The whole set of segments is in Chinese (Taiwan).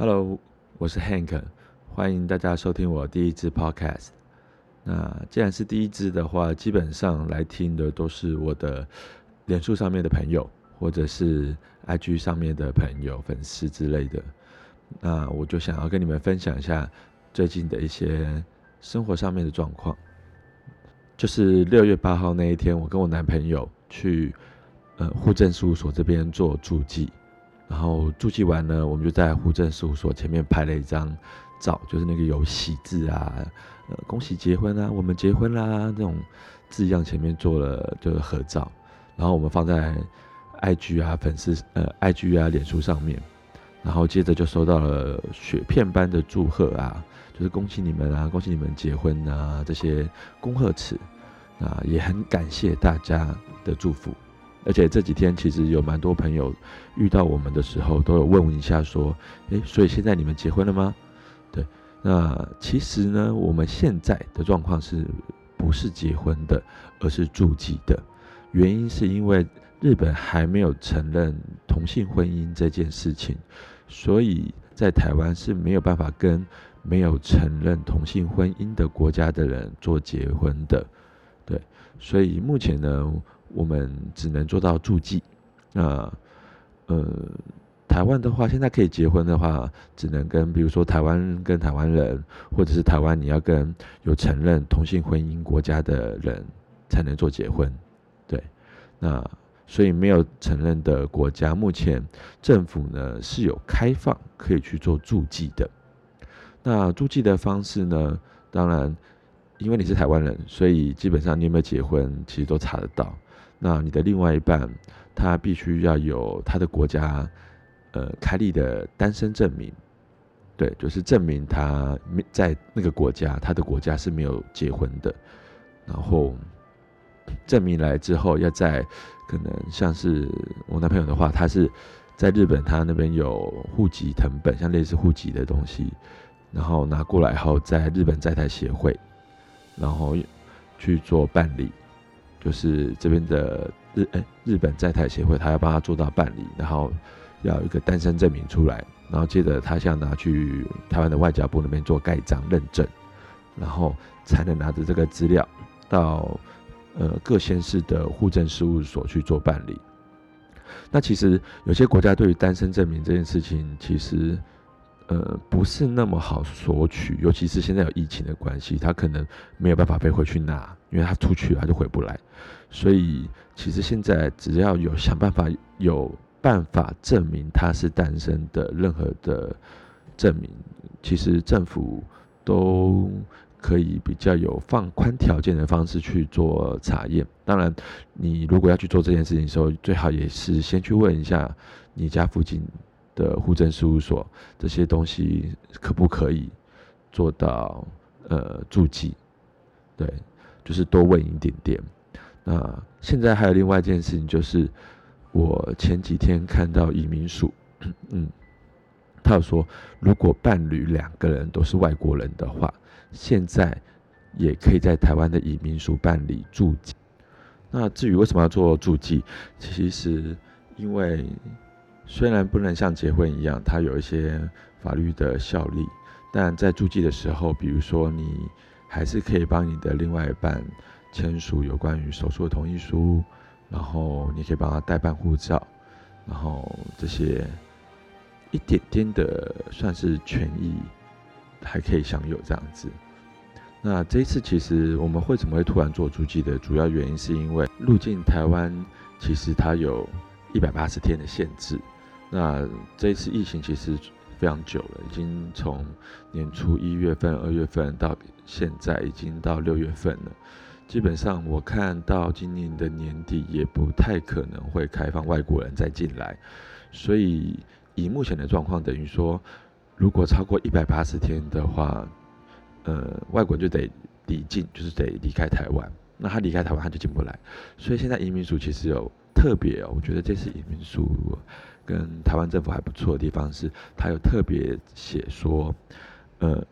Hello，我是 Hank，歡迎大家收聽我第一支 Podcast。那既然是第一支的話，基本上來聽的都是我的臉書上面的朋友，或者是 IG 上面的朋友、粉絲之類的。那我就想要跟你們分享一下最近的一些生活上面的狀況。就是六月八號那一天，我跟我男朋友去呃，戶政事務所這邊做註記。然後註記完呢，我們就在戶政事務所前面拍了一張照，就是那個有喜字啊，呃，恭喜結婚啊，我們結婚啦、啊，這種字樣前面做了就是合照，然後我們放在 IG 啊粉絲呃 IG 啊臉書上面，然後接着就收到了雪片般的祝賀啊，就是恭喜你們啊，恭喜你們結婚啊，這些恭賀詞，啊，也很感謝大家的祝福。而且這幾天其實有蠻多朋友遇到我們的時候，都有問我一下，說：“欸，所以現在你們結婚了嗎？”對，那其實呢，我們現在的狀況是不是結婚的，而是註記的。原因是因為日本還沒有承認同性婚姻這件事情，所以在台灣是沒有辦法跟沒有承認同性婚姻的國家的人做結婚的。對，所以目前呢。我們只能做到註記，那，呃，台灣的話，現在可以結婚的話，只能跟，比如說台灣跟台灣人，或者是台灣你要跟有承認同性婚姻國家的人，才能做結婚，對，那所以沒有承認的國家，目前政府呢是有開放可以去做註記的，那註記的方式呢，當然。因為你是台灣人，所以基本上你有沒有結婚，其實都查得到。那你的另外一半，他必須要有他的國家，呃，開立的單身證明。對，就是證明他在那個國家，他的國家是沒有結婚的。然後證明來之後要，要在可能像是我男朋友的話，他是在日本，他那邊有戶籍謄本，像類似戶籍的東西，然後拿過來後，在日本在台協會。然後去做辦理，就是這邊的日哎，日本在台協會，他要幫他做到辦理，然後要一個單身證明出來，然後接着他想拿去台灣的外交部那邊做蓋章認證，然後才能拿着這個資料到呃，各縣市的戶政事務所去做辦理。那其實有些國家對於單身證明這件事情，其實。呃，不是那麼好索取，尤其是現在有疫情的關係，他可能沒有辦法飛回去拿，因為他出去他就回不來。所以，其實現在只要有想辦法、有辦法證明他是單身的任何的證明，其實政府都可以比較有放寬條件的方式去做查驗。當然，你如果要去做這件事情的時候，最好也是先去問一下你家附近。的戶政事務所這些東西可不可以做到呃註記？對，就是多問一點點。那現在還有另外一件事情，就是我前幾天看到移民署，嗯，他有說，如果伴侶兩個人都是外國人的話，現在也可以在台灣的移民署辦理註記。那至於為什麼要做註記，其實因為。雖然不能像結婚一樣，它有一些法律的效力，但在註記的時候，比如說你還是可以幫你的另外一半簽署有關於手術的同意書，然後你可以幫他代辦護照，然後這些一點點的算是權益還可以享有這樣子。那這一次其實我們為什麼會突然做註記的主要原因，是因為入境台灣其實它有一百八十天的限制。那這次疫情其實非常久了，已經從年初一月份、二月份到現在已經到六月份了。基本上我看到今年的年底也不太可能會開放外國人再進來，所以以目前的狀況，等於說如果超過一百八十天的話，呃，外國人就得離境，就是得離開台灣。那他離開台灣，他就進不來。所以現在移民署其實有。特別、哦，我覺得這次移民署跟台灣政府還不錯的地方是，它有特別寫說，呃，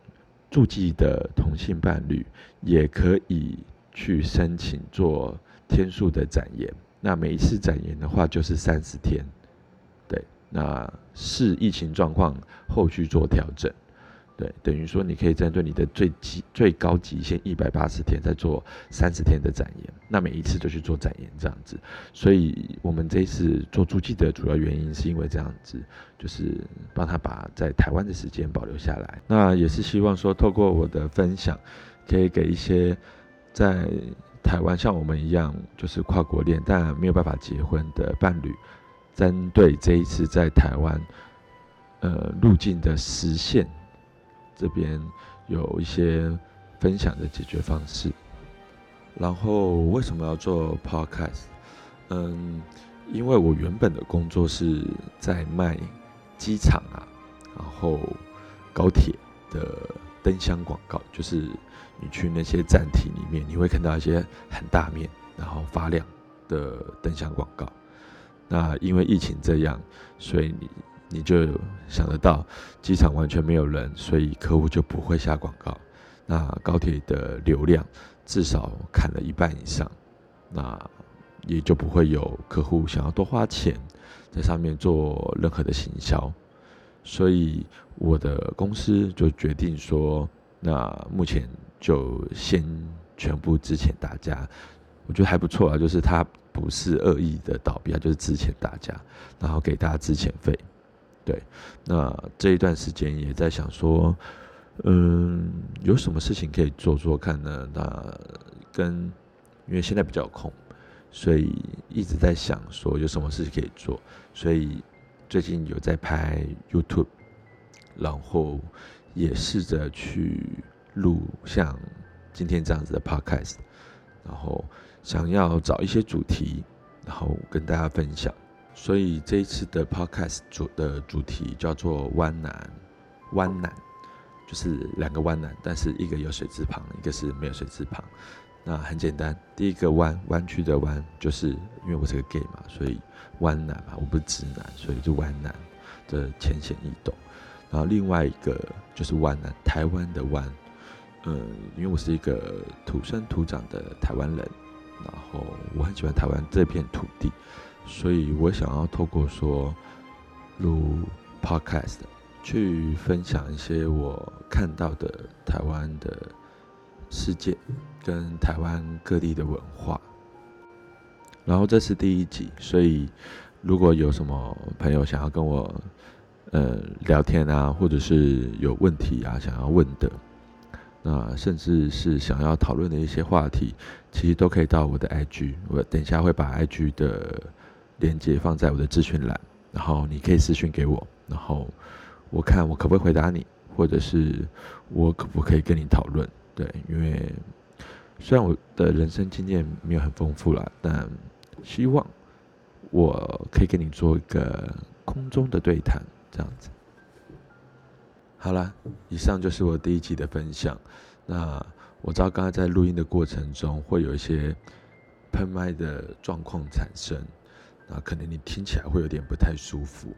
註記的同性伴侶也可以去申請做天數的展延，那每一次展延的話，就是三十天，對，那視疫情狀況後續做調整。對，等於說你可以針對你的最極最高極限一百八十天，再做三十天的展延，那每一次就去做展延這樣子。所以我們這一次做註記的主要原因，是因為這樣子，就是幫他把在台灣的時間保留下來。那也是希望說，透過我的分享，可以給一些在台灣像我們一樣，就是跨國戀但沒有辦法結婚的伴侶，針對這一次在台灣，呃，路徑的實現。這邊有一些分享的解決方式。然後為什麼要做 Podcast？嗯，因為我原本的工作是在賣機場啊，然後高鐵的燈箱廣告，就是你去那些站體裡面，你會看到一些很大面，然後發亮的燈箱廣告。那因為疫情這樣，所以你。你就想得到機場完全沒有人，所以客戶就不會下廣告。那高鐵的流量至少砍了一半以上，那也就不會有客戶想要多花錢在上面做任何的行銷。所以我的公司就決定說，那目前就先全部資遣大家，我覺得還不錯啊，就是他不是惡意的倒閉啊，就是資遣大家，然後給大家資遣費。對，那這一段時間也在想說，嗯，有什麼事情可以做做看呢？那跟，因為現在比較空，所以一直在想說有什麼事情可以做，所以最近有在拍 YouTube，然後也試着去錄像今天這樣子的 Podcast，然後想要找一些主題，然後跟大家分享。所以這一次的 podcast 主的主題叫做“彎男”，彎男就是兩個彎男，但是一個有水字旁，一個是沒有水字旁。那很簡單，第一個彎彎曲的彎，就是因為我是個 gay 嘛，所以彎男嘛，我不是直男，所以就彎男，這淺顯易懂。然後另外一個就是彎男，台灣的彎，嗯，嗯，因為我是一個土生土長的台灣人，然後我很喜歡台灣這片土地。所以我想要透過說錄 podcast 去分享一些我看到的台灣的世界跟台灣各地的文化。然後這是第一集，所以如果有什麼朋友想要跟我呃聊天啊，或者是有問題啊想要問的，那甚至是想要討論的一些話題，其實都可以到我的 IG。我等一下會把 IG 的。鏈接放在我的資訊欄，然後你可以私訊給我，然後我看我可不可以回答你，或者是我可不可以跟你討論？對，因為雖然我的人生經驗沒有很豐富了，但希望我可以跟你做一個空中的對談，這樣子。好了，以上就是我第一集的分享。那我知道剛才在錄音的過程中會有一些噴麥的狀況產生。啊，可能你聽起來會有點不太舒服，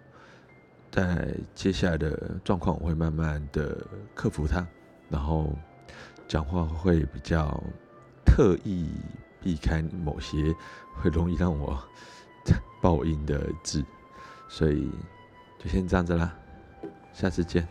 在接下來的狀況，我會慢慢的克服它，然後講話會比較特意避開某些會容易讓我爆音的字，所以就先這樣子啦，下次見。